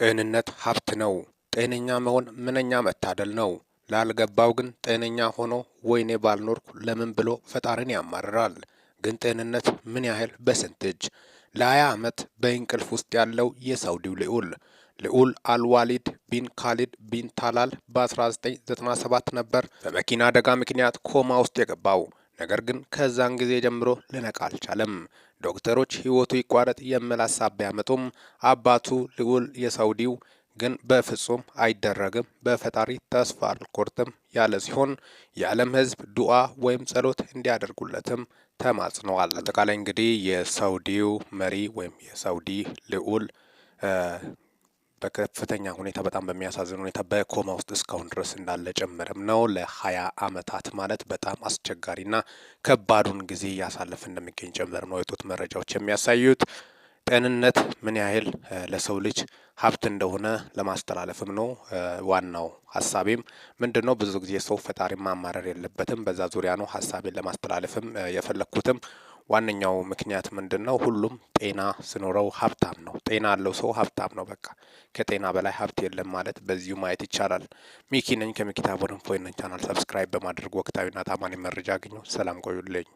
ጤንነት ሀብት ነው። ጤነኛ መሆን ምንኛ መታደል ነው። ላልገባው ግን ጤነኛ ሆኖ ወይኔ ባልኖርኩ ለምን ብሎ ፈጣሪን ያማርራል። ግን ጤንነት ምን ያህል በስንት እጅ ለሀያ ዓመት በእንቅልፍ ውስጥ ያለው የሳውዲው ልዑል ልዑል አልዋሊድ ቢን ካሊድ ቢን ታላል በ1997 ነበር በመኪና አደጋ ምክንያት ኮማ ውስጥ የገባው። ነገር ግን ከዛን ጊዜ ጀምሮ ልነቃ አልቻለም። ዶክተሮች ህይወቱ ይቋረጥ የሚል ሀሳብ ቢያመጡም አባቱ ልውል የሳውዲው ግን በፍጹም አይደረግም፣ በፈጣሪ ተስፋ አልቆርጥም ያለ ሲሆን የዓለም ህዝብ ዱዓ ወይም ጸሎት እንዲያደርጉለትም ተማጽነዋል። አጠቃላይ እንግዲህ የሳውዲው መሪ ወይም የሳውዲ ልዑል በከፍተኛ ሁኔታ በጣም በሚያሳዝን ሁኔታ በኮማ ውስጥ እስካሁን ድረስ እንዳለ ጭምርም ነው። ለሀያ አመታት ማለት በጣም አስቸጋሪና ከባዱን ጊዜ እያሳለፈ እንደሚገኝ ጭምርም ነው የወጡት መረጃዎች የሚያሳዩት። ጤንነት ምን ያህል ለሰው ልጅ ሀብት እንደሆነ ለማስተላለፍም ነው ዋናው ሀሳቤም ምንድን ነው። ብዙ ጊዜ ሰው ፈጣሪ ማማረር የለበትም። በዛ ዙሪያ ነው ሀሳቤን ለማስተላለፍም የፈለግኩትም። ዋነኛው ምክንያት ምንድን ነው? ሁሉም ጤና ስኖረው ሀብታም ነው። ጤና ያለው ሰው ሀብታም ነው። በቃ ከጤና በላይ ሀብት የለም ማለት በዚሁ ማየት ይቻላል። ሚኪ ነኝ ከሚኪታ ቦደንፎይነን ቻናል ሰብስክራይብ በማድረግ ወቅታዊና ታማኒ መረጃ አግኙ። ሰላም ቆዩልኝ።